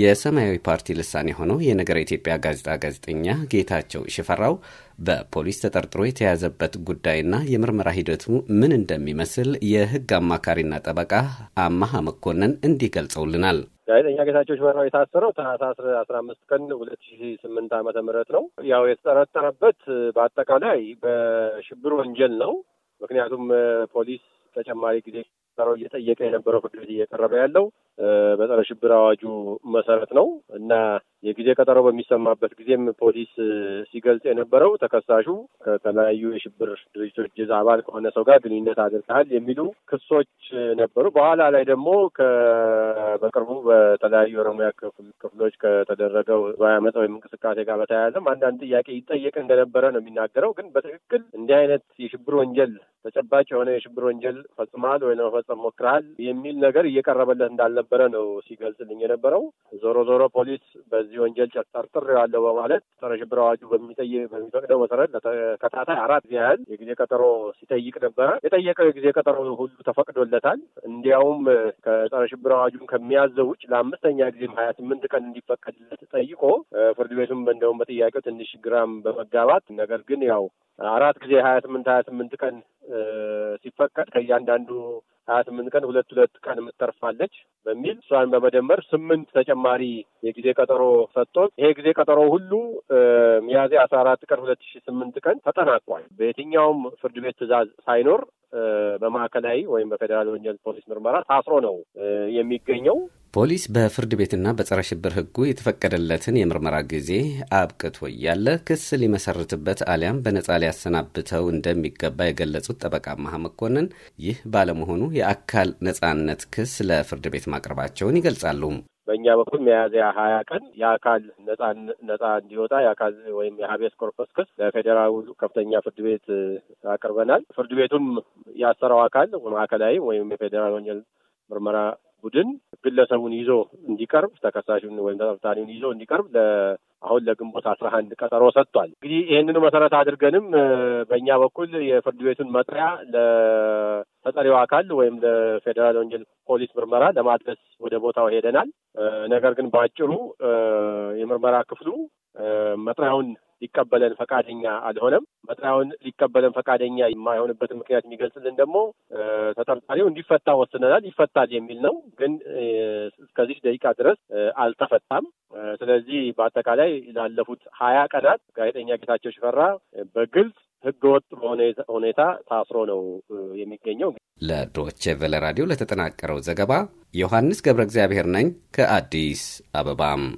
የሰማያዊ ፓርቲ ልሳን የሆነው የነገረ ኢትዮጵያ ጋዜጣ ጋዜጠኛ ጌታቸው ሽፈራው በፖሊስ ተጠርጥሮ የተያዘበት ጉዳይና የምርመራ ሂደቱ ምን እንደሚመስል የሕግ አማካሪና ጠበቃ አማሃ መኮንን እንዲህ ገልጸውልናል። ጋዜጠኛ ጌታቸው ሽፈራው የታሰረው ታህሳስ አስራ አምስት ቀን ሁለት ሺ ስምንት ዓመተ ምህረት ነው። ያው የተጠረጠረበት በአጠቃላይ በሽብር ወንጀል ነው። ምክንያቱም ፖሊስ ተጨማሪ ጊዜ ሰራው እየጠየቀ የነበረው ፍርድ ቤት እየቀረበ ያለው በጸረ ሽብር አዋጁ መሰረት ነው እና የጊዜ ቀጠሮ በሚሰማበት ጊዜም ፖሊስ ሲገልጽ የነበረው ተከሳሹ ከተለያዩ የሽብር ድርጅቶች አባል ከሆነ ሰው ጋር ግንኙነት አድርገሃል የሚሉ ክሶች ነበሩ። በኋላ ላይ ደግሞ በቅርቡ በተለያዩ ኦሮሚያ ክፍሎች ከተደረገው ህዝባዊ ወይም እንቅስቃሴ ጋር በተያያዘም አንዳንድ ጥያቄ ይጠየቅ እንደነበረ ነው የሚናገረው። ግን በትክክል እንዲህ አይነት የሽብር ወንጀል ተጨባጭ የሆነ የሽብር ወንጀል ፈጽመሃል ወይ መፈጸም ሞክረሃል የሚል ነገር እየቀረበለት እንዳልነበረ ነው ሲገልጽልኝ የነበረው። ዞሮ ዞሮ ፖሊስ በዚህ በዚህ ወንጀል ጠርጥሬዋለሁ በማለት ጸረ ሽብር አዋጁ በሚፈቅደው መሰረት ለተከታታይ አራት ያህል የጊዜ ቀጠሮ ሲጠይቅ ነበረ። የጠየቀው የጊዜ ቀጠሮ ሁሉ ተፈቅዶለታል። እንዲያውም ከጸረ ሽብር አዋጁን ከሚያዘው ውጭ ለአምስተኛ ጊዜም ሀያ ስምንት ቀን እንዲፈቀድለት ጠይቆ ፍርድ ቤቱም እንደውም በጥያቄው ትንሽ ግራም በመጋባት ነገር ግን ያው አራት ጊዜ ሀያ ስምንት ሀያ ስምንት ቀን ሲፈቀድ ከእያንዳንዱ ሀያ ስምንት ቀን ሁለት ሁለት ቀን የምትተርፋለች በሚል እሷን በመደመር ስምንት ተጨማሪ የጊዜ ቀጠሮ ሰጥቶን ይሄ ጊዜ ቀጠሮ ሁሉ ሚያዝያ አስራ አራት ቀን ሁለት ሺ ስምንት ቀን ተጠናቋል። በየትኛውም ፍርድ ቤት ትዕዛዝ ሳይኖር በማዕከላዊ ወይም በፌዴራል ወንጀል ፖሊስ ምርመራ ታስሮ ነው የሚገኘው። ፖሊስ በፍርድ ቤትና በጸረ ሽብር ህጉ የተፈቀደለትን የምርመራ ጊዜ አብቅቶ እያለ ክስ ሊመሰርትበት አሊያም በነጻ ሊያሰናብተው እንደሚገባ የገለጹት ጠበቃ መሀ መኮንን ይህ ባለመሆኑ የአካል ነጻነት ክስ ለፍርድ ቤት ማቅረባቸውን ይገልጻሉ። በእኛ በኩል መያዝያ ሀያ ቀን የአካል ነጻ ነጻ እንዲወጣ የአካል ወይም የሀቤስ ኮርፐስ ክስ ለፌዴራሉ ከፍተኛ ፍርድ ቤት አቅርበናል። ፍርድ ቤቱም ያሰረው አካል ማዕከላዊ ወይም የፌዴራል ወንጀል ምርመራ ቡድን ግለሰቡን ይዞ እንዲቀርብ ተከሳሹን ወይም ተጠርጣሪውን ይዞ እንዲቀርብ አሁን ለግንቦት አስራ አንድ ቀጠሮ ሰጥቷል። እንግዲህ ይህንኑ መሰረት አድርገንም በእኛ በኩል የፍርድ ቤቱን መጥሪያ ለተጠሪው አካል ወይም ለፌዴራል ወንጀል ፖሊስ ምርመራ ለማድረስ ወደ ቦታው ሄደናል። ነገር ግን በአጭሩ የምርመራ ክፍሉ መጥሪያውን ሊቀበለን ፈቃደኛ አልሆነም። መጥሪያውን ሊቀበለን ፈቃደኛ የማይሆንበትን ምክንያት የሚገልጽልን ደግሞ ተጠርጣሪው እንዲፈታ ወስነናል፣ ይፈታል የሚል ነው። ግን እስከዚህ ደቂቃ ድረስ አልተፈታም። ስለዚህ በአጠቃላይ ላለፉት ሀያ ቀናት ጋዜጠኛ ጌታቸው ሽፈራ በግልጽ ህገወጥ ወጥ በሆነ ሁኔታ ታስሮ ነው የሚገኘው። ለዶቼ ቬለ ራዲዮ ለተጠናቀረው ዘገባ ዮሐንስ ገብረ እግዚአብሔር ነኝ ከአዲስ አበባም